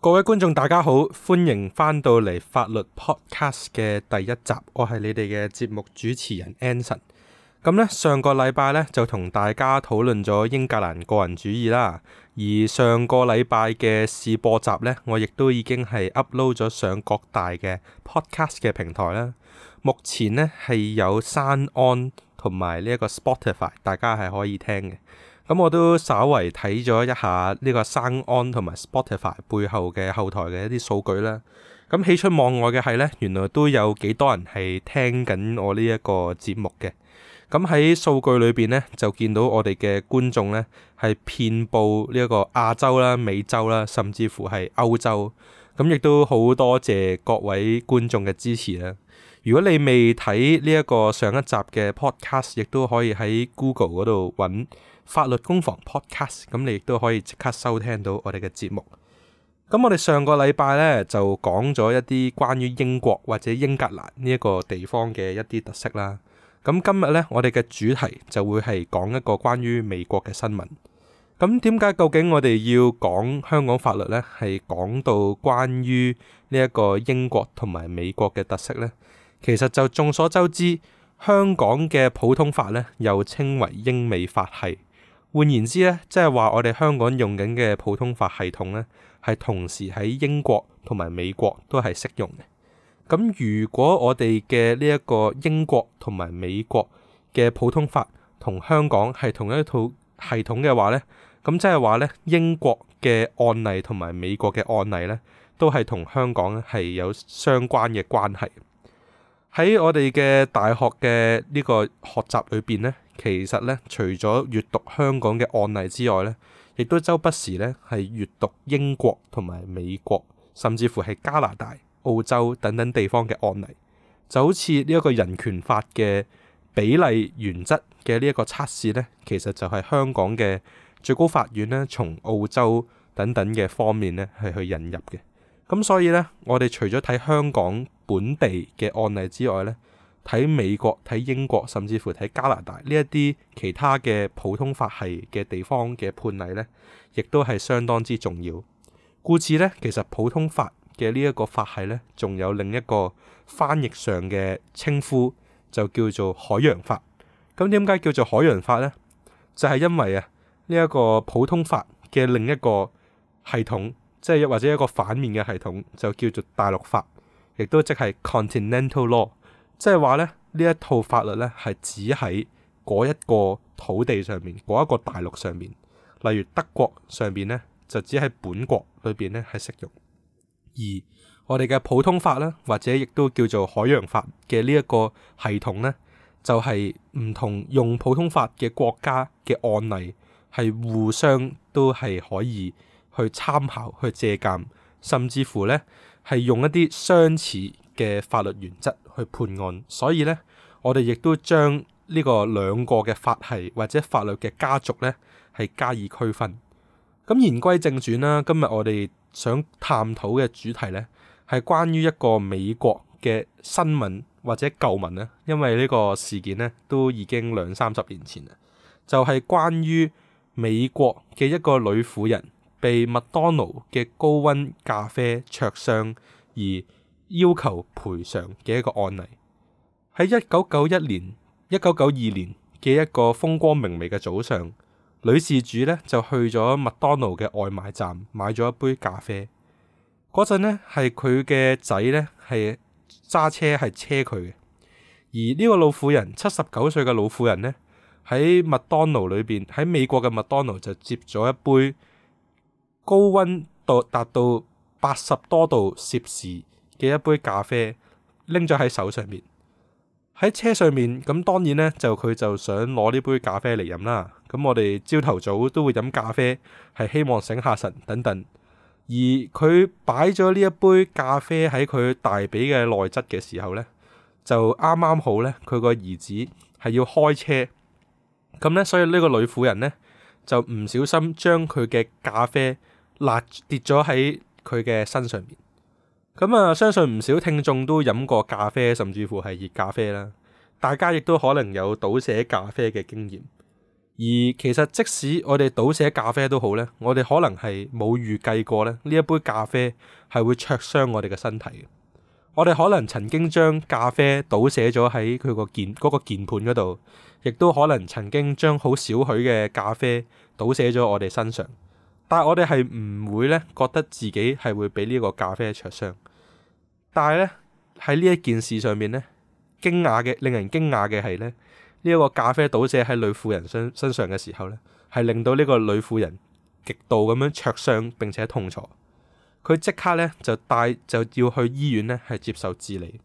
各位觀眾大家好，歡迎翻到嚟法律 podcast 嘅第一集，我係你哋嘅節目主持人 Anson。咁咧上個禮拜咧就同大家討論咗英格蘭個人主義啦，而上個禮拜嘅試播集咧我亦都已經係 upload 咗上各大嘅 podcast 嘅平台啦。目前咧係有 SoundOn 同埋呢一個 Spotify，大家係可以聽嘅。咁我都稍微睇咗一下呢個生安同埋 Spotify 背後嘅後台嘅一啲數據啦。咁喜出望外嘅係呢，原來都有幾多人係聽緊我呢一個節目嘅。咁喺數據裏邊呢，就見到我哋嘅觀眾呢係遍布呢一個亞洲啦、美洲啦，甚至乎係歐洲。咁亦都好多謝各位觀眾嘅支持啦。如果你未睇呢一個上一集嘅 Podcast，亦都可以喺 Google 嗰度揾法律攻防 Podcast，咁你亦都可以即刻收聽到我哋嘅節目。咁我哋上個禮拜咧就講咗一啲關於英國或者英格蘭呢一個地方嘅一啲特色啦。咁今日咧，我哋嘅主題就會係講一個關於美國嘅新聞。咁點解究竟我哋要講香港法律咧？係講到關於呢一個英國同埋美國嘅特色咧？其實就眾所周知，香港嘅普通法咧，又稱為英美法系。換言之咧，即係話我哋香港用緊嘅普通法系統咧，係同時喺英國同埋美國都係適用嘅。咁如果我哋嘅呢一個英國同埋美國嘅普通法同香港係同一套系統嘅話咧，咁即係話咧英國嘅案例同埋美國嘅案例咧，都係同香港係有相關嘅關係。喺我哋嘅大學嘅呢個學習裏邊咧，其實咧除咗閱讀香港嘅案例之外咧，亦都周不時咧係閱讀英國同埋美國，甚至乎係加拿大、澳洲等等地方嘅案例。就好似呢一個人權法嘅比例原則嘅呢一個測試咧，其實就係香港嘅最高法院咧，從澳洲等等嘅方面咧係去引入嘅。咁所以咧，我哋除咗睇香港本地嘅案例之外咧，睇美國、睇英國，甚至乎睇加拿大呢一啲其他嘅普通法系嘅地方嘅判例咧，亦都係相當之重要。故此咧，其實普通法嘅呢一個法系咧，仲有另一個翻譯上嘅稱呼，就叫做海洋法。咁點解叫做海洋法咧？就係因為啊，呢一個普通法嘅另一個系統。即係或者一個反面嘅系統，就叫做大陸法，亦都即係 continental law 即，即係話咧，呢一套法律咧係只喺嗰一個土地上面、嗰一個大陸上面。例如德國上邊咧，就只喺本國裏邊咧係適用。而我哋嘅普通法啦，或者亦都叫做海洋法嘅呢一個系統咧，就係、是、唔同用普通法嘅國家嘅案例係互相都係可以，去參考、去借鑑，甚至乎咧係用一啲相似嘅法律原則去判案，所以咧我哋亦都將呢個兩個嘅法系或者法律嘅家族咧係加以區分。咁言歸正傳啦，今日我哋想探討嘅主題咧係關於一個美國嘅新聞或者舊聞啦，因為呢個事件咧都已經兩三十年前啦，就係關於美國嘅一個女婦人，被麥當勞嘅高溫咖啡灼傷而要求賠償嘅一個案例，喺一九九一年、一九九二年嘅一個風光明媚嘅早上，女事主呢就去咗麥當勞嘅外賣站買咗一杯咖啡。嗰陣呢係佢嘅仔呢係揸車係車佢嘅，而呢個老婦人七十九歲嘅老婦人呢，喺麥當勞裏邊喺美國嘅麥當勞就接咗一杯。高温度達到八十多度攝氏嘅一杯咖啡，拎咗喺手上面，喺車上面咁當然咧就佢就想攞呢杯咖啡嚟飲啦。咁我哋朝頭早都會飲咖啡，係希望醒下神等等。而佢擺咗呢一杯咖啡喺佢大髀嘅內側嘅時候咧，就啱啱好咧，佢個兒子係要開車，咁咧所以呢個女婦人咧就唔小心將佢嘅咖啡。辣跌咗喺佢嘅身上面，咁啊，相信唔少聽眾都飲過咖啡，甚至乎係熱咖啡啦。大家亦都可能有倒瀉咖啡嘅經驗。而其實即使我哋倒瀉咖啡都好咧，我哋可能係冇預計過咧，呢一杯咖啡係會灼傷我哋嘅身體嘅。我哋可能曾經將咖啡倒瀉咗喺佢個鍵嗰個鍵盤嗰度，亦都可能曾經將好少許嘅咖啡倒瀉咗我哋身上。但係我哋係唔會咧，覺得自己係會俾呢個咖啡灼傷。但係咧喺呢一件事上面咧，驚訝嘅令人驚訝嘅係咧，呢、這、一個咖啡倒瀉喺女婦人身身上嘅時候咧，係令到呢個女婦人極度咁樣灼傷並且痛楚。佢即刻咧就帶就要去醫院咧係接受治理。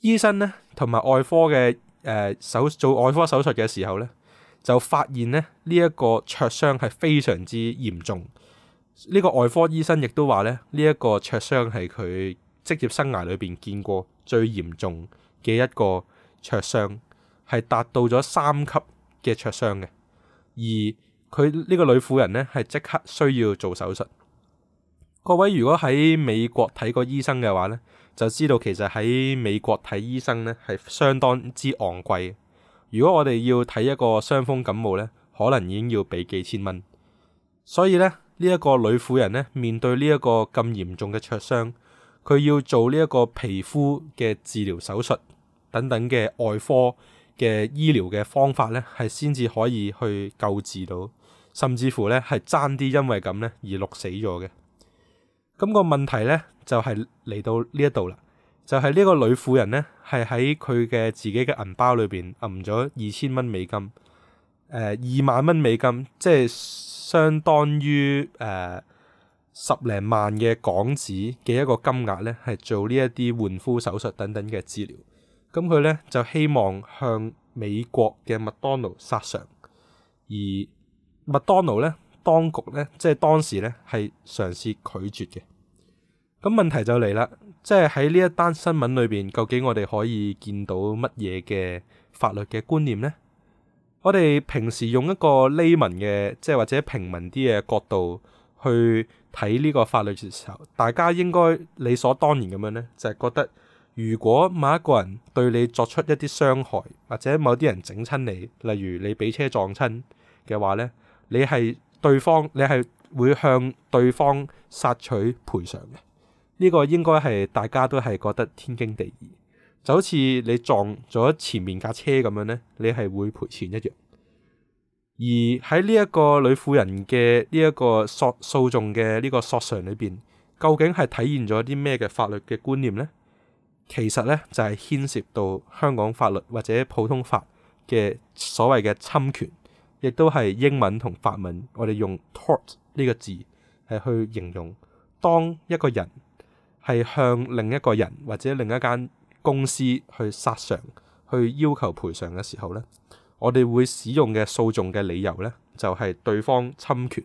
醫生咧同埋外科嘅誒、呃、手做外科手術嘅時候咧。就發現咧，呢一個灼傷係非常之嚴重。呢個外科醫生亦都話咧，呢一個灼傷係佢職業生涯裏邊見過最嚴重嘅一個灼傷，係達到咗三級嘅灼傷嘅。而佢呢個女婦人咧，係即刻需要做手術。各位如果喺美國睇過醫生嘅話咧，就知道其實喺美國睇醫生咧係相當之昂貴嘅。如果我哋要睇一個傷風感冒咧，可能已經要俾幾千蚊。所以咧，呢、這、一個女婦人咧，面對呢一個咁嚴重嘅灼傷，佢要做呢一個皮膚嘅治療手術等等嘅外科嘅醫療嘅方法咧，係先至可以去救治到，甚至乎咧係爭啲因為咁咧而淥死咗嘅。咁、那個問題咧就係、是、嚟到呢一度啦。就係呢個女婦人咧，係喺佢嘅自己嘅銀包裏邊揞咗二千蚊美金，誒二萬蚊美金，即係相當於誒十零萬嘅港紙嘅一個金額咧，係做呢一啲換膚手術等等嘅治療。咁佢咧就希望向美國嘅麥當勞索償，而麥當勞咧當局咧即係當時咧係嘗試拒絕嘅。咁、嗯、問題就嚟啦。即係喺呢一單新聞裏邊，究竟我哋可以見到乜嘢嘅法律嘅觀念呢？我哋平時用一個 layman 嘅，即係或者平民啲嘅角度去睇呢個法律嘅時候，大家應該理所當然咁樣呢，就係覺得如果某一個人對你作出一啲傷害，或者某啲人整親你，例如你俾車撞親嘅話呢，你係對方，你係會向對方索取賠償嘅。呢個應該係大家都係覺得天經地義，就好似你撞咗前面架車咁樣呢，你係會賠錢一樣。而喺呢一個女婦人嘅呢一個索訴訟嘅呢個索償裏邊，究竟係體現咗啲咩嘅法律嘅觀念呢？其實呢，就係、是、牽涉到香港法律或者普通法嘅所謂嘅侵權，亦都係英文同法文我哋用 tort 呢個字係去形容當一個人。係向另一個人或者另一間公司去索償，去要求賠償嘅時候呢，我哋會使用嘅訴訟嘅理由呢，就係對方侵權。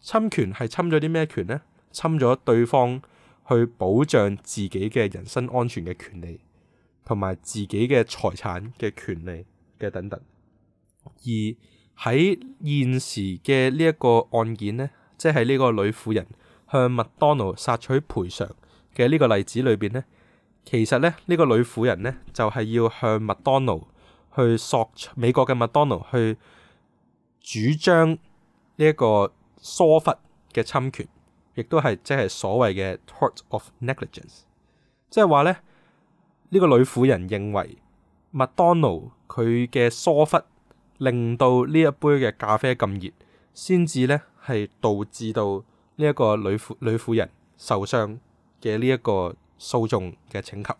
侵權係侵咗啲咩權呢？侵咗對方去保障自己嘅人身安全嘅權利，同埋自己嘅財產嘅權利嘅等等。而喺現時嘅呢一個案件呢，即係呢個女婦人向麥當勞索取賠償。嘅呢個例子裏邊呢，其實呢，呢、這個女婦人呢，就係、是、要向麥當勞去索美國嘅麥當勞去主張呢一個疏忽嘅侵權，亦都係即係所謂嘅 tort of negligence，即係話呢，呢、這個女婦人認為麥當勞佢嘅疏忽令到呢一杯嘅咖啡咁熱，先至呢係導致到呢一個女婦女婦人受傷。嘅呢一個訴訟嘅請求，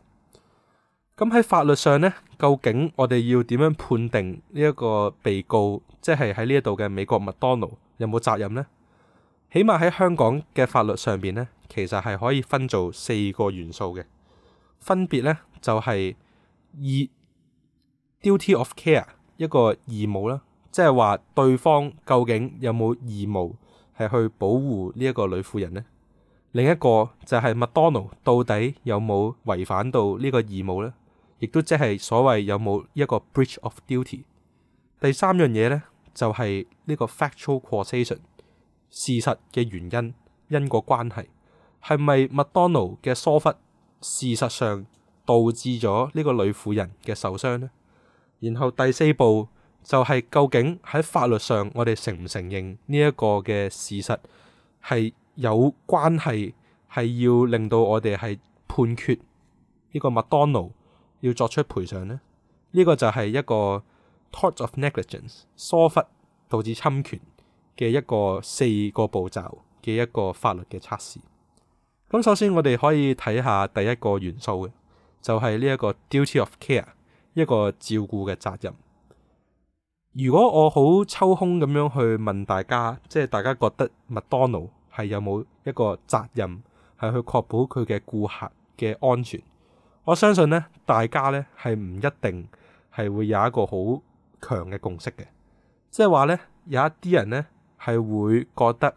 咁喺法律上呢，究竟我哋要點樣判定呢一個被告，即係喺呢一度嘅美國麥當勞有冇責任呢？起碼喺香港嘅法律上面呢，其實係可以分做四個元素嘅，分別呢，就係、是、義 duty of care 一個義務啦，即係話對方究竟有冇義務係去保護呢一個女婦人呢？另一個就係麥當勞到底有冇違反到呢個義務呢？亦都即係所謂有冇一個 breach of duty。第三樣嘢呢，就係、是、呢個 factual causation 事實嘅原因因果關係，係咪麥當勞嘅疏忽事實上導致咗呢個女婦人嘅受傷呢？然後第四步就係究竟喺法律上我哋承唔承認呢一個嘅事實係有關係係要令到我哋係判決呢個麥當勞要作出賠償咧。呢個就係一個 tort of negligence 疏忽導致侵權嘅一個四個步驟嘅一個法律嘅測試。咁首先我哋可以睇下第一個元素嘅就係呢一個 duty of care 一個照顧嘅責任。如果我好抽空咁樣去問大家，即係大家覺得麥當勞，係有冇一個責任係去確保佢嘅顧客嘅安全？我相信呢，大家呢係唔一定係會有一個好強嘅共識嘅，即係話呢，有一啲人呢係會覺得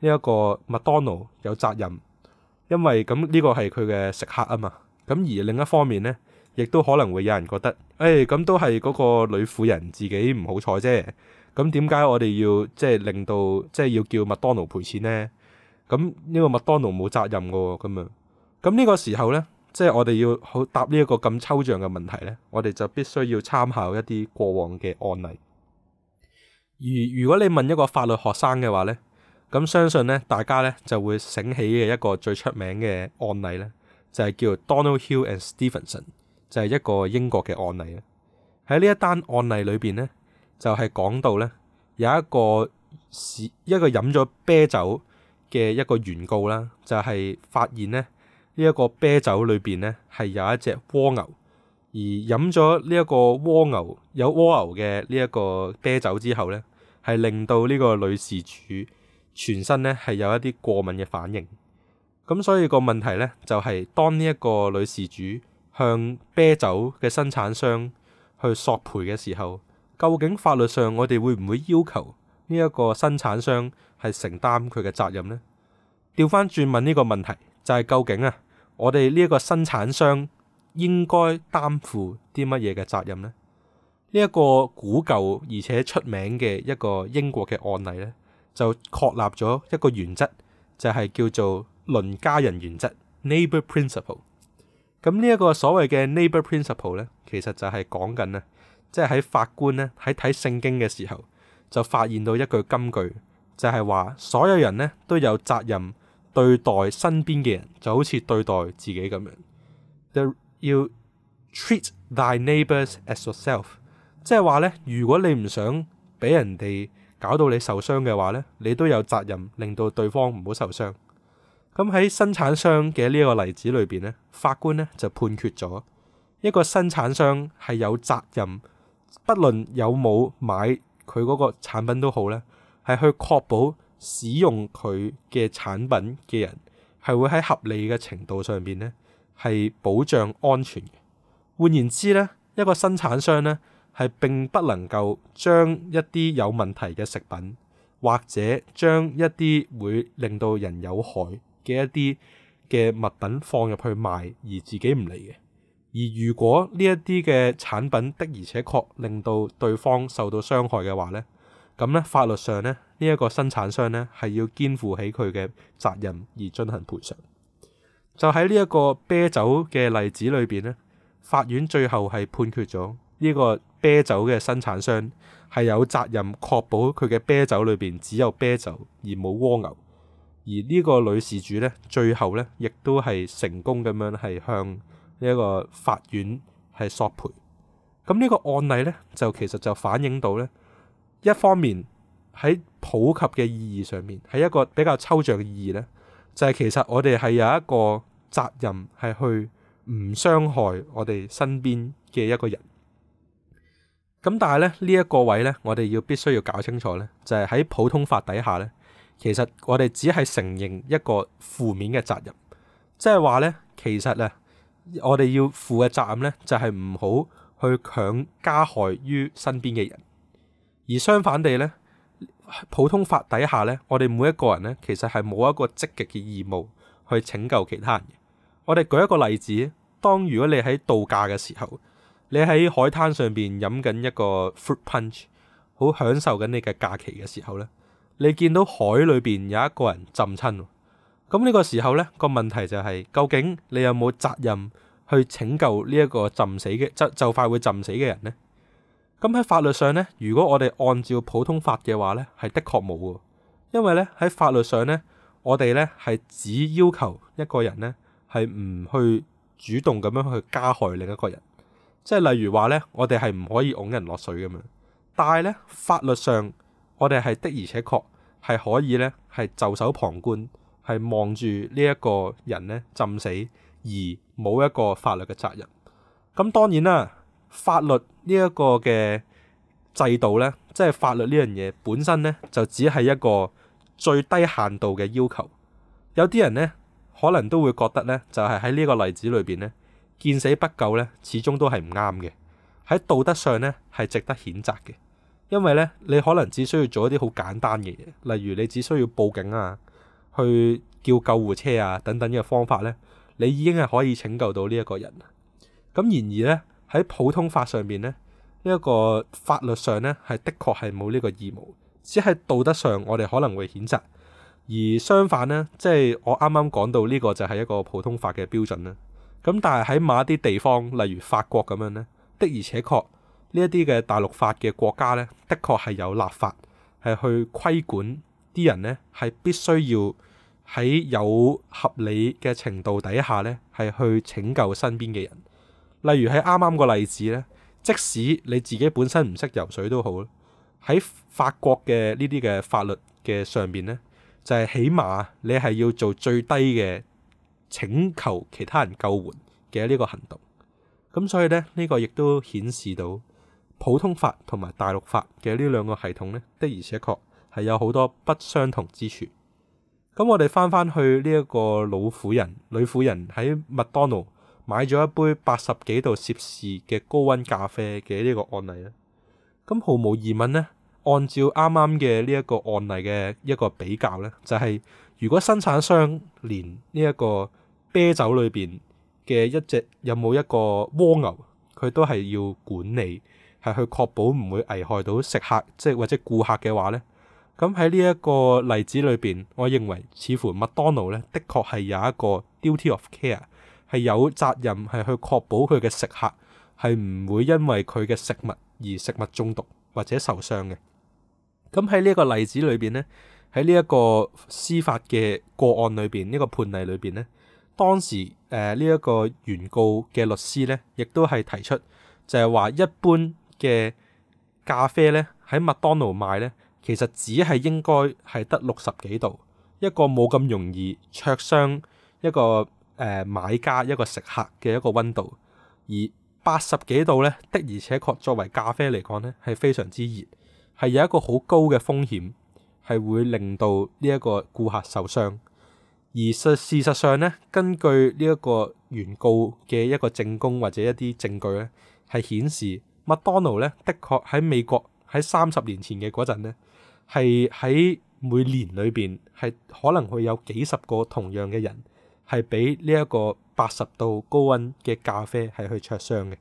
呢一個麥當勞有責任，因為咁呢個係佢嘅食客啊嘛。咁而另一方面呢，亦都可能會有人覺得，誒、哎、咁都係嗰個女婦人自己唔好彩啫。咁點解我哋要即係令到即係要叫麥當勞賠錢呢？咁呢個麥當勞冇責任嘅喎，咁樣，咁呢個時候呢，即係我哋要好答呢一個咁抽象嘅問題呢，我哋就必須要參考一啲過往嘅案例。如如果你問一個法律學生嘅話呢，咁相信呢，大家呢就會醒起嘅一個最出名嘅案例呢，就係叫做 Donald Hill and Stevenson 就係一個英國嘅案例啊。喺呢一單案例裏邊呢。就係講到咧，有一個是一個飲咗啤酒嘅一個原告啦，就係、是、發現咧呢一、這個啤酒裏邊咧係有一隻蝸牛，而飲咗呢一個蝸牛有蝸牛嘅呢一個啤酒之後咧，係令到呢個女事主全身咧係有一啲過敏嘅反應。咁所以個問題咧就係、是、當呢一個女事主向啤酒嘅生產商去索賠嘅時候。究竟法律上我哋會唔會要求呢一個生產商係承擔佢嘅責任呢？調返轉問呢個問題就係、是、究竟啊，我哋呢一個生產商應該擔負啲乜嘢嘅責任呢？呢、這、一個古舊而且出名嘅一個英國嘅案例咧，就確立咗一個原則，就係、是、叫做鄰家人原則 （neighbor principle）。咁呢一個所謂嘅 neighbor principle 咧，其實就係講緊啊。即係喺法官咧喺睇聖經嘅時候，就發現到一句金句，就係話所有人咧都有責任對待身邊嘅人，就好似對待自己咁樣。要 treat thy neighbors as yourself，即係話咧，如果你唔想俾人哋搞到你受傷嘅話咧，你都有責任令到對方唔好受傷。咁喺生產商嘅呢一個例子裏邊咧，法官咧就判決咗一個生產商係有責任。不論有冇買佢嗰個產品都好咧，係去確保使用佢嘅產品嘅人係會喺合理嘅程度上邊咧係保障安全嘅。換言之咧，一個生產商咧係並不能夠將一啲有問題嘅食品，或者將一啲會令到人有害嘅一啲嘅物品放入去賣，而自己唔理嘅。而如果呢一啲嘅產品的而且確令到對方受到傷害嘅話呢，咁呢法律上呢，呢一個生產商呢係要肩負起佢嘅責任而進行賠償。就喺呢一個啤酒嘅例子裏邊呢，法院最後係判決咗呢個啤酒嘅生產商係有責任確保佢嘅啤酒裏邊只有啤酒而冇蝸牛。而呢個女事主呢，最後呢亦都係成功咁樣係向。呢一個法院係索賠，咁呢個案例咧，就其實就反映到咧，一方面喺普及嘅意義上面，係一個比較抽象嘅意義咧，就係其實我哋係有一個責任係去唔傷害我哋身邊嘅一個人。咁但係咧，呢一個位咧，我哋要必須要搞清楚咧，就係喺普通法底下咧，其實我哋只係承認一個負面嘅責任，即係話咧，其實咧。我哋要負嘅責任呢，就係唔好去強加害於身邊嘅人。而相反地呢，普通法底下呢，我哋每一個人呢，其實係冇一個積極嘅義務去拯救其他人。我哋舉一個例子，當如果你喺度假嘅時候，你喺海灘上邊飲緊一個 fruit punch，好享受緊你嘅假期嘅時候呢，你見到海裏邊有一個人浸親。咁呢個時候呢，個問題就係、是、究竟你有冇責任去拯救呢一個浸死嘅、就就快會浸死嘅人呢？咁、嗯、喺法律上呢，如果我哋按照普通法嘅話呢，係的確冇嘅。因為呢，喺法律上呢，我哋呢係只要求一個人呢係唔去主動咁樣去加害另一個人，即係例如話呢，我哋係唔可以㧬人落水咁樣。但係呢，法律上我哋係的而且確係可以呢係袖手旁觀，係望住呢一個人咧，浸死而冇一個法律嘅責任。咁當然啦，法律呢一個嘅制度咧，即係法律呢樣嘢本身咧，就只係一個最低限度嘅要求。有啲人咧，可能都會覺得咧，就係喺呢個例子裏邊咧，見死不救咧，始終都係唔啱嘅。喺道德上咧，係值得譴責嘅，因為咧，你可能只需要做一啲好簡單嘅嘢，例如你只需要報警啊。去叫救護車啊，等等嘅方法呢，你已經係可以拯救到呢一個人。咁然而呢，喺普通法上面呢，呢一個法律上呢，係的確係冇呢個義務，只係道德上我哋可能會譴責。而相反呢，即係我啱啱講到呢個就係一個普通法嘅標準啦。咁但係喺某一啲地方，例如法國咁樣呢，的而且確呢一啲嘅大陸法嘅國家呢，的確係有立法係去規管。啲人咧，係必須要喺有合理嘅程度底下咧，係去拯救身邊嘅人。例如喺啱啱個例子咧，即使你自己本身唔識游水都好，喺法國嘅呢啲嘅法律嘅上邊咧，就係起碼你係要做最低嘅請求其他人救援嘅呢個行動。咁所以咧，呢個亦都顯示到普通法同埋大陸法嘅呢兩個系統咧的而且確。係有好多不相同之處。咁我哋翻翻去呢一個老婦人、女婦人喺麥當勞買咗一杯八十幾度攝氏嘅高溫咖啡嘅呢個案例啦。咁毫無疑問呢，按照啱啱嘅呢一個案例嘅一個比較呢，就係如果生產商連呢一個啤酒裏邊嘅一隻有冇一個蝸牛，佢都係要管理，係去確保唔會危害到食客，即係或者顧客嘅話呢。咁喺呢一個例子裏邊，我認為似乎麥當勞咧，的確係有一個 duty of care，係有責任係去確保佢嘅食客係唔會因為佢嘅食物而食物中毒或者受傷嘅。咁喺呢一個例子裏邊咧，喺呢一個司法嘅個案裏邊，呢個判例裏邊咧，當時誒呢一個原告嘅律師咧，亦都係提出就係話一般嘅咖啡咧，喺麥當勞賣咧。其實只係應該係得六十幾度，一個冇咁容易灼傷一個誒、呃、買家一個食客嘅一個溫度，而八十幾度呢的而且確作為咖啡嚟講呢係非常之熱，係有一個好高嘅風險，係會令到呢一個顧客受傷。而實事實上呢，根據呢一個原告嘅一個證供或者一啲證據呢係顯示麥當勞呢的確喺美國喺三十年前嘅嗰陣呢。係喺每年裏邊，係可能會有幾十個同樣嘅人係俾呢一個八十度高温嘅咖啡係去灼傷嘅。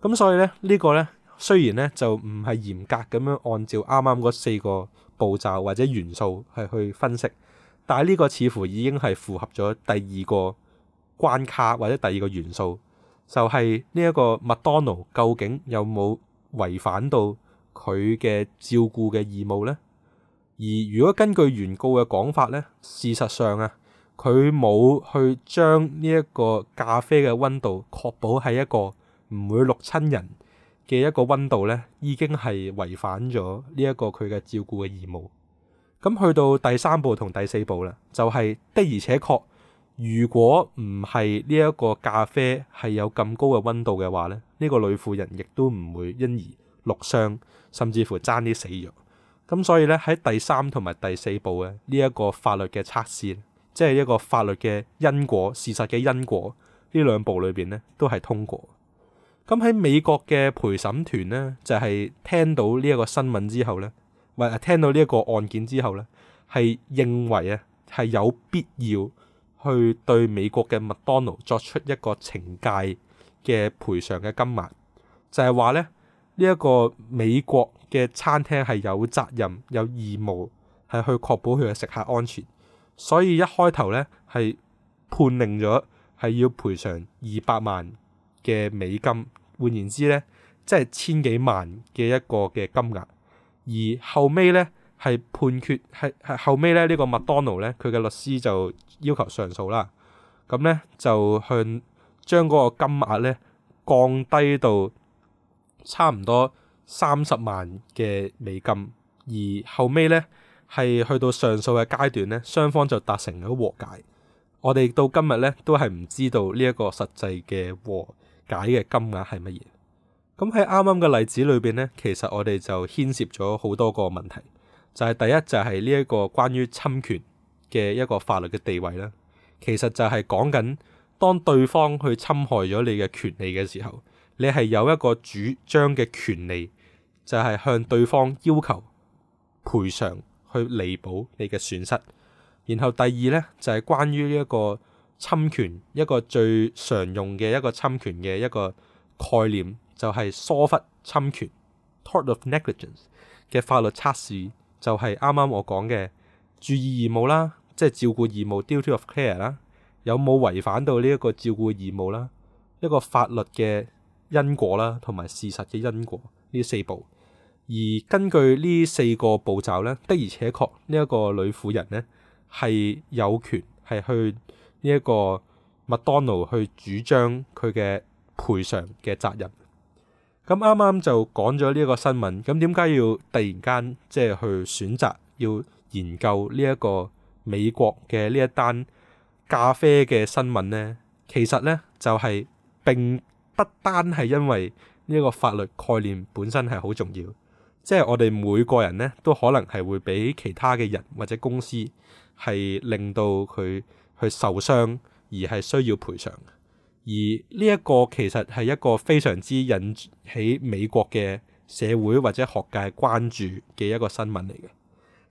咁所以咧，這個、呢個咧雖然咧就唔係嚴格咁樣按照啱啱嗰四個步驟或者元素係去分析，但係呢個似乎已經係符合咗第二個關卡或者第二個元素，就係呢一個麥當勞究竟有冇違反到佢嘅照顧嘅義務咧？而如果根據原告嘅講法咧，事實上啊，佢冇去將呢一個咖啡嘅温度確保係一個唔會燙親人嘅一個温度咧，已經係違反咗呢一個佢嘅照顧嘅義務。咁去到第三步同第四步啦，就係的而且確，如果唔係呢一個咖啡係有咁高嘅温度嘅話咧，呢個女婦人亦都唔會因而燙傷，甚至乎爭啲死咗。咁所以咧，喺第三同埋第四步嘅呢、這個、一個法律嘅測試，即係一個法律嘅因果事實嘅因果兩裏呢兩步裏邊咧，都係通過。咁喺美國嘅陪審團咧，就係、是、聽到呢一個新聞之後咧，或聽到呢一個案件之後咧，係認為啊，係有必要去對美國嘅麥當勞作出一個懲戒嘅賠償嘅金額，就係話咧，呢、這、一個美國。嘅餐廳係有責任、有義務係去確保佢嘅食客安全，所以一開頭咧係判令咗係要賠償二百萬嘅美金，換言之咧即係千幾萬嘅一個嘅金額，而後尾咧係判決係係後尾咧呢、呢個麥當勞咧，佢嘅律師就要求上訴啦，咁咧就向將嗰個金額咧降低到差唔多。三十萬嘅美金，而後尾咧係去到上訴嘅階段咧，雙方就達成咗和解。我哋到今日咧都係唔知道呢一個實際嘅和解嘅金額係乜嘢。咁喺啱啱嘅例子裏邊咧，其實我哋就牽涉咗好多個問題，就係第一就係呢一個關於侵權嘅一個法律嘅地位啦。其實就係講緊當對方去侵害咗你嘅權利嘅時候，你係有一個主張嘅權利。就係向對方要求賠償，去彌補你嘅損失。然後第二呢，就係、是、關於一個侵權，一個最常用嘅一個侵權嘅一個概念，就係、是、疏忽侵權 t o r t of negligence） 嘅法律測試，就係啱啱我講嘅注意義務啦，即係照顧義務 （duty of care） 啦，有冇違反到呢一個照顧義務啦？一個法律嘅因果啦，同埋事實嘅因果呢四步。而根據呢四個步驟呢，的而且確呢一個女婦人呢係有權係去呢一個麥當勞去主張佢嘅賠償嘅責任。咁啱啱就講咗呢一個新聞，咁點解要突然間即係去選擇要研究呢一個美國嘅呢一單咖啡嘅新聞呢？其實呢，就係、是、並不單係因為呢一個法律概念本身係好重要。即係我哋每個人咧，都可能係會俾其他嘅人或者公司係令到佢去受傷而係需要賠償。而呢一個其實係一個非常之引起美國嘅社會或者學界關注嘅一個新聞嚟嘅。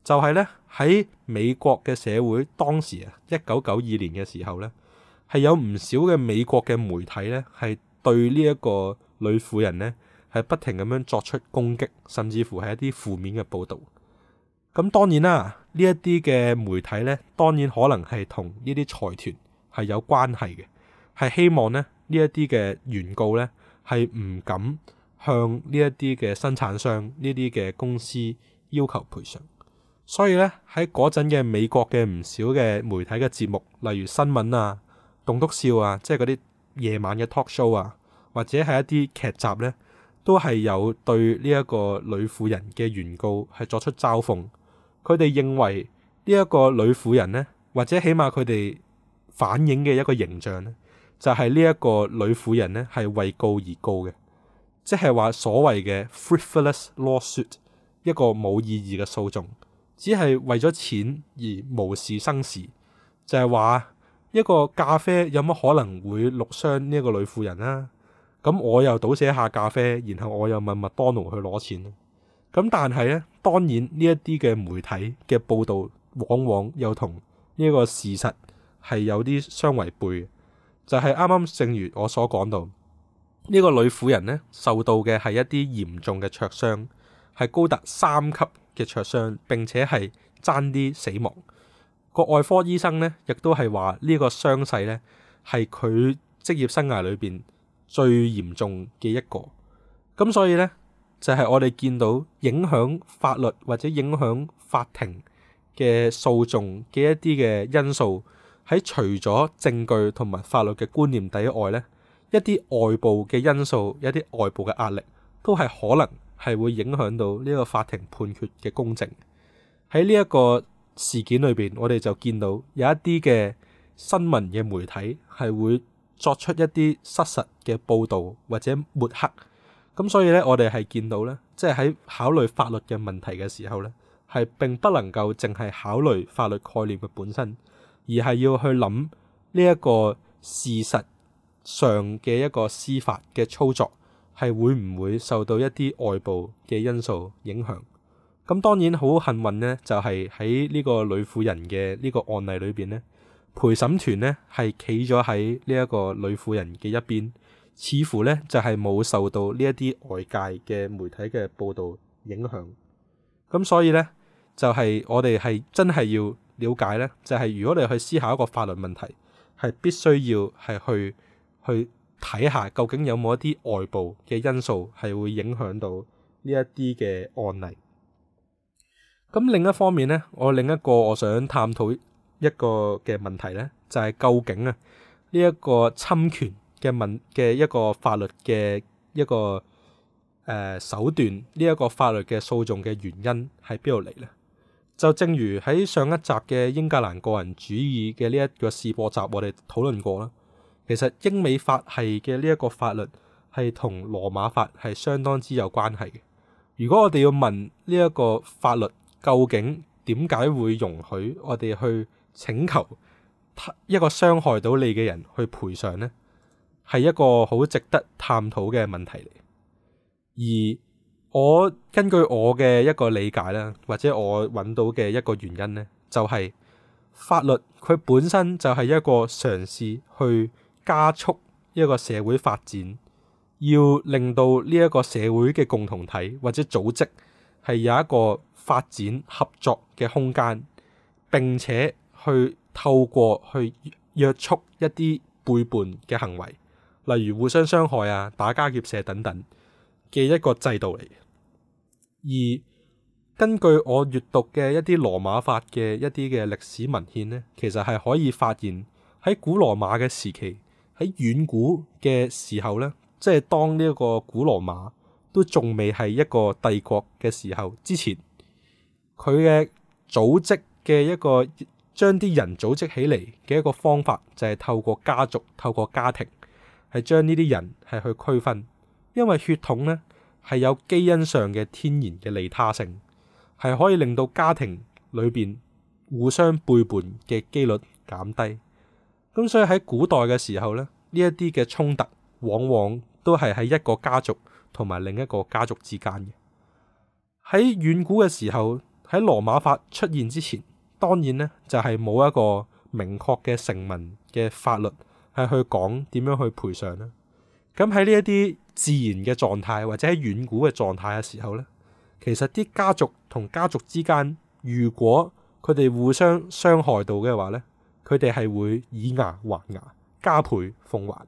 就係咧，喺美國嘅社會當時啊，一九九二年嘅時候咧，係有唔少嘅美國嘅媒體咧，係對呢一個女婦人咧，不停咁樣作出攻擊，甚至乎係一啲負面嘅報道。咁當然啦，呢一啲嘅媒體呢，當然可能係同呢啲財團係有關係嘅，係希望呢，呢一啲嘅原告呢，係唔敢向呢一啲嘅生產商呢啲嘅公司要求賠償。所以呢，喺嗰陣嘅美國嘅唔少嘅媒體嘅節目，例如新聞啊、棟篤笑啊，即係嗰啲夜晚嘅 talk show 啊，或者係一啲劇集呢。都係有對呢一個女婦人嘅原告係作出嘲諷，佢哋認為呢一個女婦人呢，或者起碼佢哋反映嘅一個形象呢，就係呢一個女婦人呢係為告而告嘅，即係話所謂嘅 frivolous lawsuit 一個冇意義嘅訴訟，只係為咗錢而無事生事，就係、是、話一個咖啡有乜可能會熝傷呢一個女婦人啊？咁我又倒瀉下咖啡，然後我又問麥當勞去攞錢。咁但係咧，當然呢一啲嘅媒體嘅報道，往往又同呢一個事實係有啲相違背嘅。就係啱啱正如我所講到，呢、這個女婦人咧受到嘅係一啲嚴重嘅灼傷，係高達三級嘅灼傷，並且係爭啲死亡。個外科醫生呢，亦都係話呢個傷勢呢，係佢職業生涯裏邊。最嚴重嘅一個，咁所以呢就係我哋見到影響法律或者影響法庭嘅訴訟嘅一啲嘅因素，喺除咗證據同埋法律嘅觀念底外呢，一啲外部嘅因素，一啲外部嘅壓力，都係可能係會影響到呢個法庭判決嘅公正。喺呢一個事件裏邊，我哋就見到有一啲嘅新聞嘅媒體係會。作出一啲失實嘅報導或者抹黑，咁所以咧，我哋係見到咧，即係喺考慮法律嘅問題嘅時候咧，係並不能夠淨係考慮法律概念嘅本身，而係要去諗呢一個事實上嘅一個司法嘅操作係會唔會受到一啲外部嘅因素影響。咁當然好幸運咧，就係喺呢個女婦人嘅呢個案例裏邊咧。陪審團咧係企咗喺呢一個女婦人嘅一邊，似乎咧就係、是、冇受到呢一啲外界嘅媒體嘅報導影響。咁所以咧就係、是、我哋係真係要了解咧，就係、是、如果你去思考一個法律問題，係必須要係去去睇下究竟有冇一啲外部嘅因素係會影響到呢一啲嘅案例。咁另一方面咧，我另一個我想探討。一個嘅問題呢，就係、是、究竟啊呢一、這個侵權嘅問嘅一個法律嘅一個誒、呃、手段，呢、這、一個法律嘅訴訟嘅原因喺邊度嚟呢？就正如喺上一集嘅英格蘭個人主義嘅呢一個試播集，我哋討論過啦。其實英美法系嘅呢一個法律係同羅馬法系相當之有關係嘅。如果我哋要問呢一個法律究竟點解會容許我哋去？請求一個傷害到你嘅人去賠償呢，係一個好值得探討嘅問題嚟。而我根據我嘅一個理解啦，或者我揾到嘅一個原因呢，就係、是、法律佢本身就係一個嘗試去加速一個社會發展，要令到呢一個社會嘅共同體或者組織係有一個發展合作嘅空間，並且。去透過去約束一啲背叛嘅行為，例如互相傷害啊、打家劫舍等等嘅一個制度嚟嘅。而根據我閱讀嘅一啲羅馬法嘅一啲嘅歷史文獻呢，其實係可以發現喺古羅馬嘅時期，喺遠古嘅時候呢，即係當呢一個古羅馬都仲未係一個帝國嘅時候之前，佢嘅組織嘅一個。將啲人組織起嚟嘅一個方法就係、是、透過家族、透過家庭，係將呢啲人係去區分，因為血統呢係有基因上嘅天然嘅利他性，係可以令到家庭裏邊互相背叛嘅幾率減低。咁所以喺古代嘅時候呢，呢一啲嘅衝突往往都係喺一個家族同埋另一個家族之間嘅。喺遠古嘅時候，喺羅馬法出現之前。當然咧，就係冇一個明確嘅成文嘅法律係去講點樣去賠償啦。咁喺呢一啲自然嘅狀態，或者喺遠古嘅狀態嘅時候咧，其實啲家族同家族之間，如果佢哋互相傷害到嘅話咧，佢哋係會以牙還牙，加倍奉還。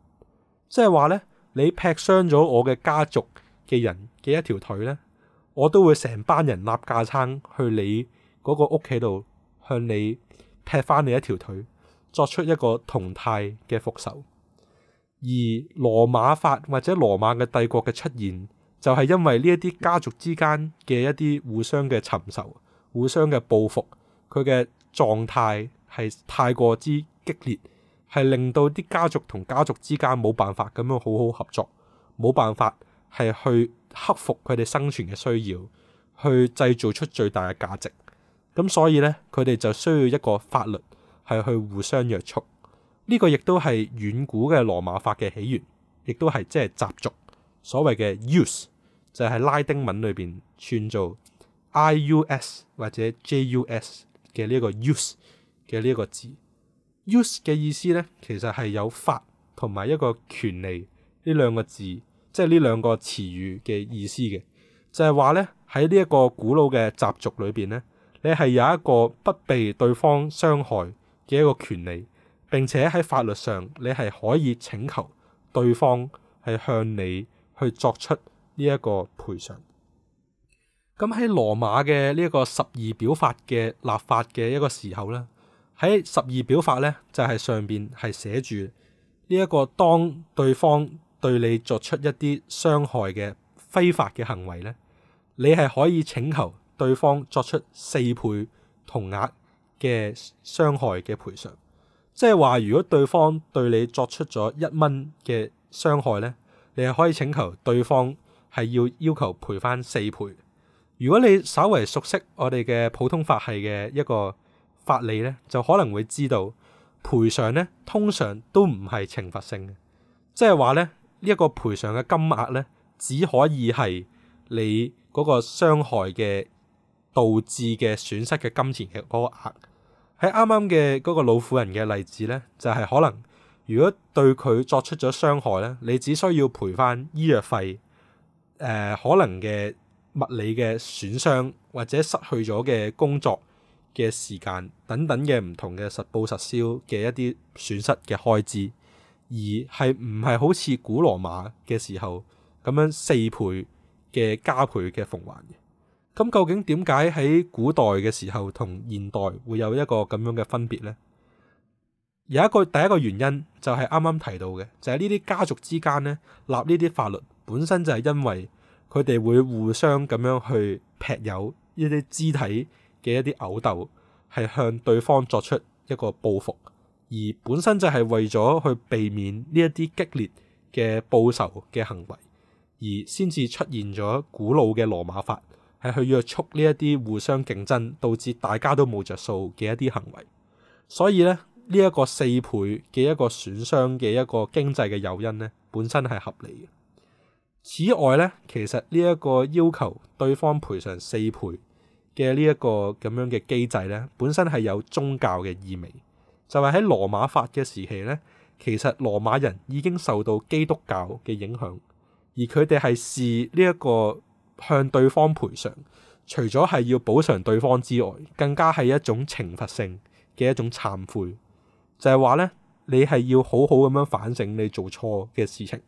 即係話咧，你劈傷咗我嘅家族嘅人嘅一條腿咧，我都會成班人立架撐去你嗰個屋企度。向你劈翻你一條腿，作出一個同態嘅復仇。而羅馬法或者羅馬嘅帝國嘅出現，就係因為呢一啲家族之間嘅一啲互相嘅尋仇、互相嘅報復，佢嘅狀態係太過之激烈，係令到啲家族同家族之間冇辦法咁樣好好合作，冇辦法係去克服佢哋生存嘅需要，去製造出最大嘅價值。咁所以咧，佢哋就需要一個法律係去互相約束。呢個亦都係遠古嘅羅馬法嘅起源，亦都係即係習俗。所謂嘅 use 就係拉丁文裏邊串做 IUS 或者 JUS 嘅呢個 use 嘅呢一個字。use 嘅意思咧，其實係有法同埋一個權利呢兩個字，即係呢兩個詞語嘅意思嘅，就係話咧，喺呢一個古老嘅習俗裏邊咧。你係有一個不被對方傷害嘅一個權利，並且喺法律上你係可以請求對方係向你去作出呢一個賠償。咁喺羅馬嘅呢一個十二表法嘅立法嘅一個時候咧，喺十二表法咧就係上邊係寫住呢一個當對方對你作出一啲傷害嘅非法嘅行為咧，你係可以請求對方作出四倍同額嘅傷害嘅賠償，即係話如果對方對你作出咗一蚊嘅傷害咧，你係可以請求對方係要要求賠翻四倍。如果你稍為熟悉我哋嘅普通法系嘅一個法理咧，就可能會知道賠償咧通常都唔係懲罰性嘅，即係話咧呢一個賠償嘅金額咧只可以係你嗰個傷害嘅導致嘅損失嘅金錢嘅嗰個額，喺啱啱嘅嗰個老婦人嘅例子呢，就係、是、可能如果對佢作出咗傷害呢，你只需要賠翻醫藥費，誒、呃、可能嘅物理嘅損傷或者失去咗嘅工作嘅時間等等嘅唔同嘅實報實銷嘅一啲損失嘅開支，而係唔係好似古羅馬嘅時候咁樣四倍嘅加倍嘅奉還。咁究竟點解喺古代嘅時候同現代會有一個咁樣嘅分別呢？有一個第一個原因就係啱啱提到嘅，就係呢啲家族之間呢，立呢啲法律，本身就係因為佢哋會互相咁樣去劈友，呢啲肢體嘅一啲毆鬥，係向對方作出一個報復，而本身就係為咗去避免呢一啲激烈嘅報仇嘅行為，而先至出現咗古老嘅羅馬法。係去約束呢一啲互相競爭，導致大家都冇着數嘅一啲行為。所以咧，呢一個四倍嘅一個損傷嘅一個經濟嘅誘因咧，本身係合理嘅。此外咧，其實呢一個要求對方賠償四倍嘅呢一個咁樣嘅機制咧，本身係有宗教嘅意味，就係喺羅馬法嘅時期咧，其實羅馬人已經受到基督教嘅影響，而佢哋係視呢一個。向對方賠償，除咗係要補償對方之外，更加係一種懲罰性嘅一種懺悔。就係話咧，你係要好好咁樣反省你做錯嘅事情，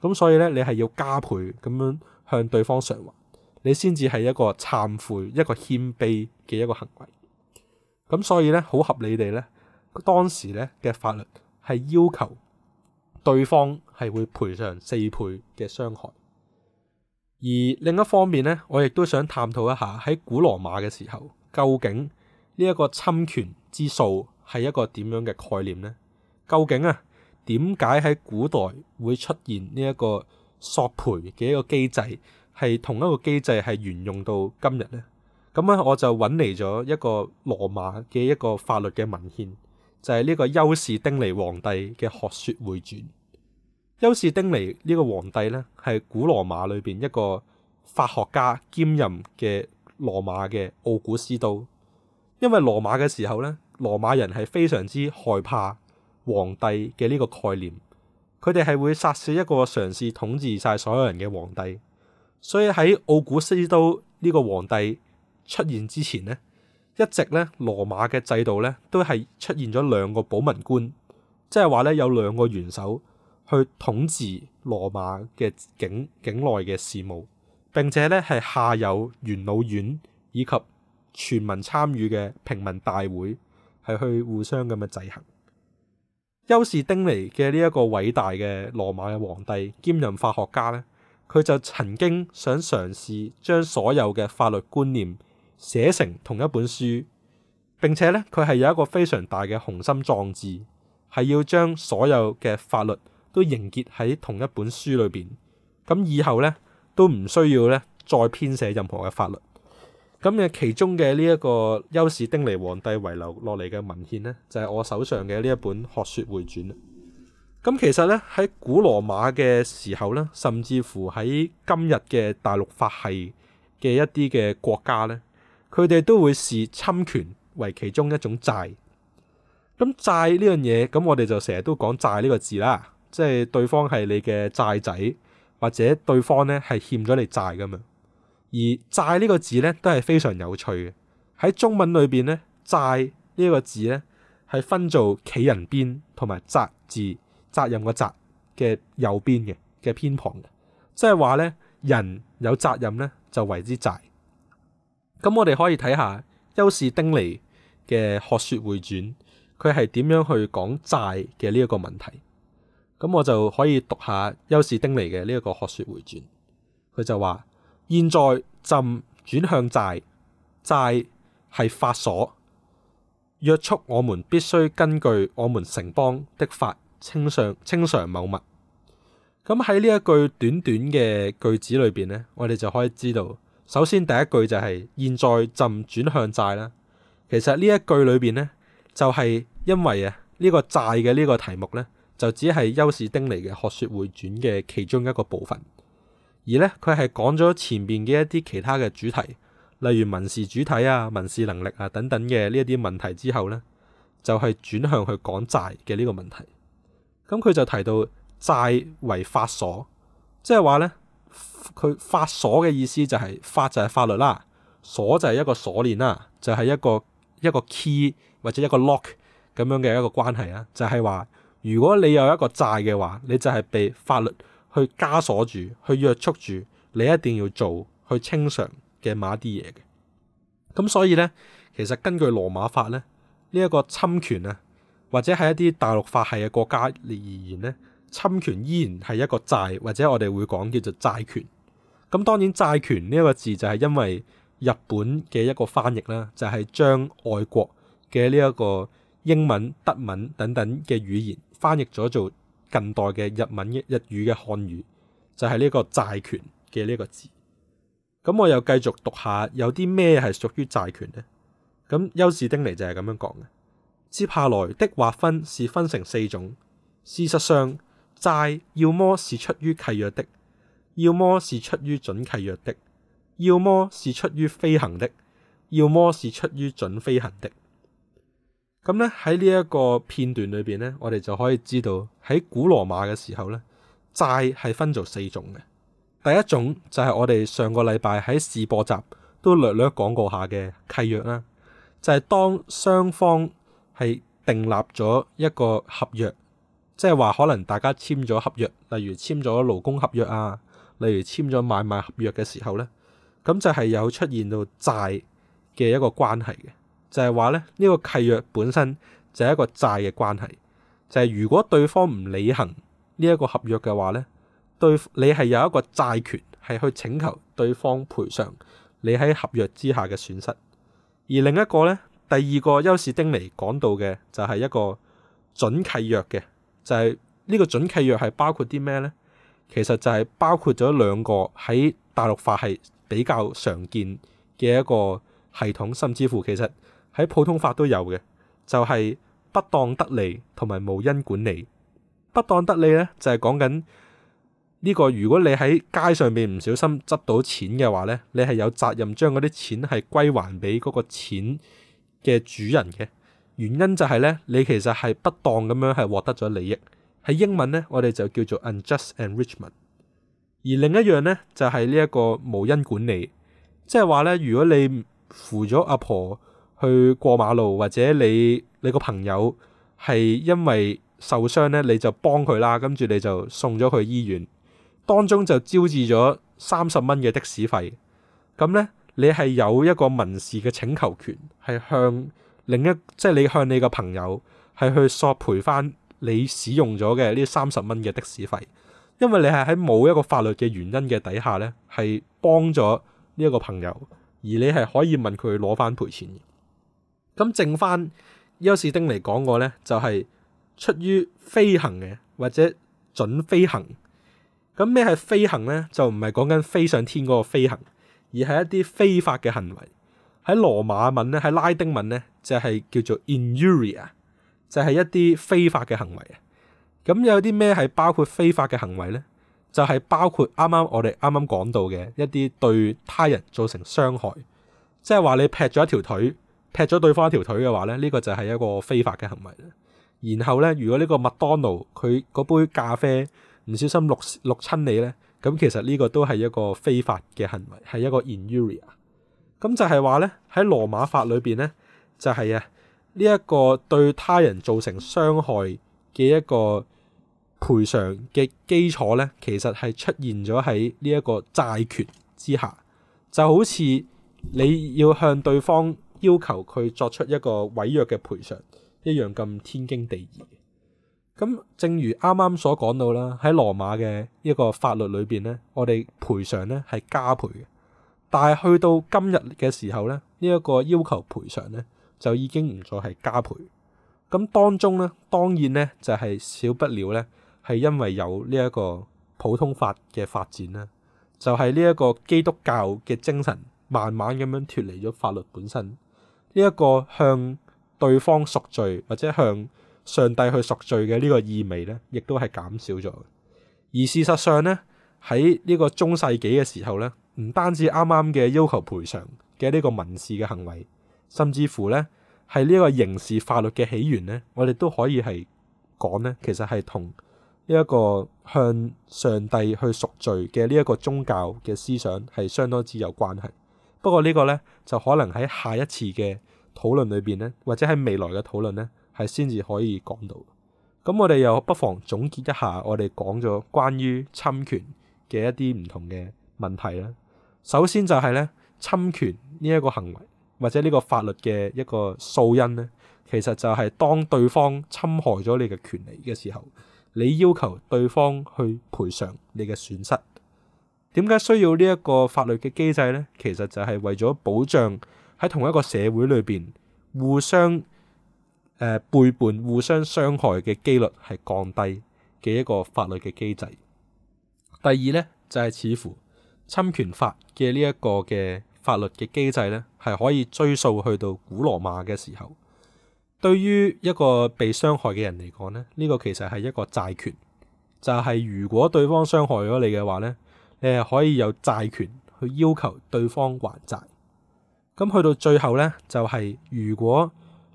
咁所以咧，你係要加倍咁樣向對方償還，你先至係一個懺悔、一個謙卑嘅一個行為。咁所以咧，好合理地咧，當時咧嘅法律係要求對方係會賠償四倍嘅傷害。而另一方面咧，我亦都想探討一下喺古羅馬嘅時候，究竟呢一個侵權之數係一個點樣嘅概念呢？究竟啊，點解喺古代會出現呢一個索賠嘅一個機制，係同一個機制係沿用到今日呢？咁咧，我就揾嚟咗一個羅馬嘅一個法律嘅文獻，就係、是、呢、呢個優士丁尼皇帝嘅《學說彙纂》。優士丁尼呢個皇帝呢，係古羅馬裏邊一個法學家兼任嘅羅馬嘅奧古斯都。因為羅馬嘅時候呢，羅馬人係非常之害怕皇帝嘅呢個概念，佢哋係會殺死一個嘗試統治晒所有人嘅皇帝。所以喺奧古斯都呢個皇帝出現之前呢，一直呢，羅馬嘅制度呢都係出現咗兩個保民官，即係話呢，有兩個元首。去統治羅馬嘅境境內嘅事務，並且咧係下有元老院以及全民參與嘅平民大會，係去互相咁嘅制衡。優士丁尼嘅呢一個偉大嘅羅馬嘅皇帝兼任法學家咧，佢就曾經想嘗試將所有嘅法律觀念寫成同一本書。並且咧，佢係有一個非常大嘅雄心壯志，係要將所有嘅法律，都凝結喺同一本書裏邊，咁以後咧都唔需要咧再編寫任何嘅法律。咁嘅其中嘅呢一個優士丁尼皇帝遺留落嚟嘅文獻咧，就係我手上嘅呢一本《學說匯纂》。咁其實咧喺古羅馬嘅時候咧，甚至乎喺今日嘅大陸法系嘅一啲嘅國家咧，佢哋都會視侵權為其中一種債。咁債呢樣嘢，咁我哋就成日都講債呢個字啦。即係對方係你嘅債仔，或者對方咧係欠咗你債咁啊。而債呢個字咧都係非常有趣嘅，喺中文裏邊咧，債呢一個字咧係分做企人邊同埋責字責任嘅責嘅右邊嘅嘅偏旁嘅，即係話咧人有責任咧就為之債。咁我哋可以睇下優士丁尼嘅《學説匯纂》，佢係點樣去講債嘅呢一個問題。咁我就可以讀下優士丁尼嘅呢一個學説回轉，佢就話：現在朕轉向債，債係法鎖，約束我們必須根據我們城邦的法清，清償清償某物。咁喺呢一句短短嘅句子裏邊咧，我哋就可以知道，首先第一句就係現在朕轉向債啦。其實呢一句裏邊咧，就係、是、因為啊呢個債嘅呢個題目咧。就只係優士丁尼嘅學說匯纂嘅其中一個部分，而咧佢係講咗前邊嘅一啲其他嘅主題，例如民事主體啊、民事能力啊等等嘅呢一啲問題之後咧，就係、是、轉向去講債嘅呢個問題。咁佢就提到債為法鎖，即係話咧，佢法鎖嘅意思就係、是、法就係法律啦，鎖就係一個鎖鏈啦，就係、是、一個一個 key 或者一個 lock 咁樣嘅一個關係啊，就係、是、話。如果你有一個債嘅話，你就係被法律去枷鎖住、去約束住，你一定要做去清償嘅某一啲嘢嘅。咁所以咧，其實根據羅馬法咧，呢一個侵權啊，或者係一啲大陸法系嘅國家而言咧，侵權依然係一個債，或者我哋會講叫做債權。咁當然債權呢一個字就係因為日本嘅一個翻譯啦，就係將外國嘅呢一個英文、德文等等嘅語言。翻譯咗做近代嘅日文嘅日語嘅漢語，就係呢個債權嘅呢個字。咁我又繼續讀下，有啲咩係屬於債權呢？咁優士丁尼就係咁樣講嘅。接下來的劃分是分成四種。事實上，債要麼是出於契約的，要麼是出於準契約的，要麼是出於非行的，要麼是出於準非行的。咁咧喺呢一個片段裏邊咧，我哋就可以知道喺古羅馬嘅時候咧，債係分做四種嘅。第一種就係我哋上個禮拜喺試播集都略略講過下嘅契約啦，就係當雙方係訂立咗一個合約，即係話可能大家簽咗合約，例如簽咗勞工合約啊，例如簽咗買賣合約嘅時候咧，咁就係有出現到債嘅一個關係嘅。就係話咧，呢、這個契約本身就係一個債嘅關係。就係、是、如果對方唔履行呢一個合約嘅話咧，對你係有一個債權係去請求對方賠償你喺合約之下嘅損失。而另一個咧，第二個優士丁尼講到嘅就係一個準契約嘅，就係、是、呢個準契約係包括啲咩咧？其實就係包括咗兩個喺大陸法系比較常見嘅一個系統，甚至乎其實。喺普通法都有嘅，就係不當得利同埋無因管理。不當得利咧，就係講緊呢個。如果你喺街上面唔小心執到錢嘅話咧，你係有責任將嗰啲錢係歸還俾嗰個錢嘅主人嘅。原因就係咧，你其實係不當咁樣係獲得咗利益。喺英文咧，我哋就叫做 unjust enrichment。而另一樣咧就係呢一個無因管理，即係話咧，如果你扶咗阿婆，去過馬路，或者你你個朋友係因為受傷咧，你就幫佢啦，跟住你就送咗去醫院，當中就招致咗三十蚊嘅的士費。咁咧，你係有一個民事嘅請求權，係向另一，即係你向你個朋友係去索賠翻你使用咗嘅呢三十蚊嘅的士費，因為你係喺冇一個法律嘅原因嘅底下咧，係幫咗呢一個朋友，而你係可以問佢攞翻賠錢。咁剩翻，優士丁嚟講過咧，就係出於飛行嘅或者準飛行。咁咩係飛行咧？就唔係講緊飛上天嗰個飛行，而係一啲非法嘅行為。喺羅馬文咧，喺拉丁文咧，就係、是、叫做 injuria，就係一啲非法嘅行為啊。咁有啲咩係包括非法嘅行為咧？就係、是、包括啱啱我哋啱啱講到嘅一啲對他人造成傷害，即係話你劈咗一條腿。踢咗對方一條腿嘅話咧，呢、這個就係一個非法嘅行為。然後咧，如果呢個麥當勞佢嗰杯咖啡唔小心淥淥親你咧，咁其實呢個都係一個非法嘅行為，係一個 iniuria。咁就係話咧，喺羅馬法裏邊咧，就係、是、啊呢一、這個對他人造成傷害嘅一個賠償嘅基礎咧，其實係出現咗喺呢一個債權之下，就好似你要向對方。要求佢作出一個違約嘅賠償，一樣咁天經地義。咁正如啱啱所講到啦，喺羅馬嘅一個法律裏邊咧，我哋賠償咧係加賠嘅。但係去到今日嘅時候咧，呢一個要求賠償咧就已經唔再係加賠。咁當中咧，當然咧就係少不了咧，係因為有呢一個普通法嘅發展啦，就係呢一個基督教嘅精神慢慢咁樣脫離咗法律本身。呢一個向對方贖罪或者向上帝去贖罪嘅呢個意味咧，亦都係減少咗。而事實上咧，喺呢個中世紀嘅時候咧，唔單止啱啱嘅要求賠償嘅呢個民事嘅行為，甚至乎咧係呢個刑事法律嘅起源咧，我哋都可以係講咧，其實係同呢一個向上帝去贖罪嘅呢一個宗教嘅思想係相當之有關係。不過呢個咧就可能喺下一次嘅討論裏邊咧，或者喺未來嘅討論咧，係先至可以講到。咁我哋又不妨總結一下我哋講咗關於侵權嘅一啲唔同嘅問題啦。首先就係咧，侵權呢一個行為或者呢個法律嘅一個訴因咧，其實就係當對方侵害咗你嘅權利嘅時候，你要求對方去賠償你嘅損失。點解需要呢一個法律嘅機制咧？其實就係為咗保障。喺同一個社會裏邊，互相誒、呃、背叛、互相傷害嘅機率係降低嘅一個法律嘅機制。第二咧就係、是、似乎侵權法嘅呢一個嘅法律嘅機制咧，係可以追溯去到古羅馬嘅時候。對於一個被傷害嘅人嚟講咧，呢、這個其實係一個債權，就係、是、如果對方傷害咗你嘅話咧，你係可以有債權去要求對方還債。咁去到最後咧，就係、是、如果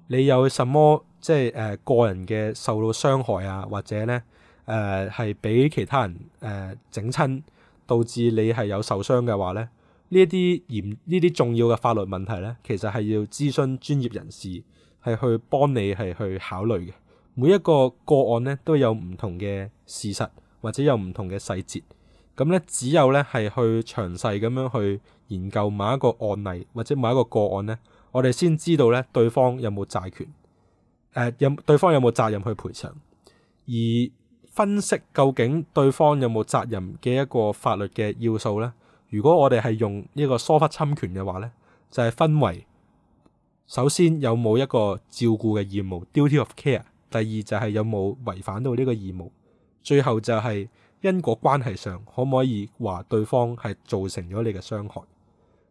你有什麼即係誒、呃、個人嘅受到傷害啊，或者咧誒係俾其他人誒整親，導致你係有受傷嘅話咧，呢一啲嚴呢啲重要嘅法律問題咧，其實係要諮詢專業人士，係去幫你係去考慮嘅。每一個個案咧都有唔同嘅事實，或者有唔同嘅細節，咁咧只有咧係去詳細咁樣去研究某一個案例或者某一個個案呢，我哋先知道呢，對方有冇債權，誒、呃，有對方有冇責任去賠償。而分析究竟對方有冇責任嘅一個法律嘅要素呢？如果我哋係用呢個疏忽侵權嘅話呢，就係、是、分為首先有冇一個照顧嘅義務 （duty of care），第二就係有冇違反到呢個義務，最後就係因果關係上可唔可以話對方係造成咗你嘅傷害。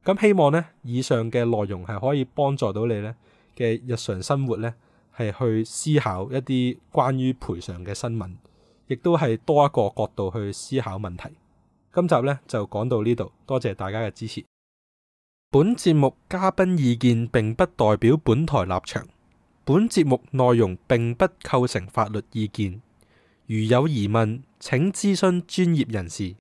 咁希望呢以上嘅內容係可以幫助到你呢嘅日常生活呢係去思考一啲關於賠償嘅新聞，亦都係多一個角度去思考問題。今集呢就講到呢度，多謝大家嘅支持。本節目嘉賓意見並不代表本台立場，本節目內容並不構成法律意見，如有疑問，請諮詢專業人士。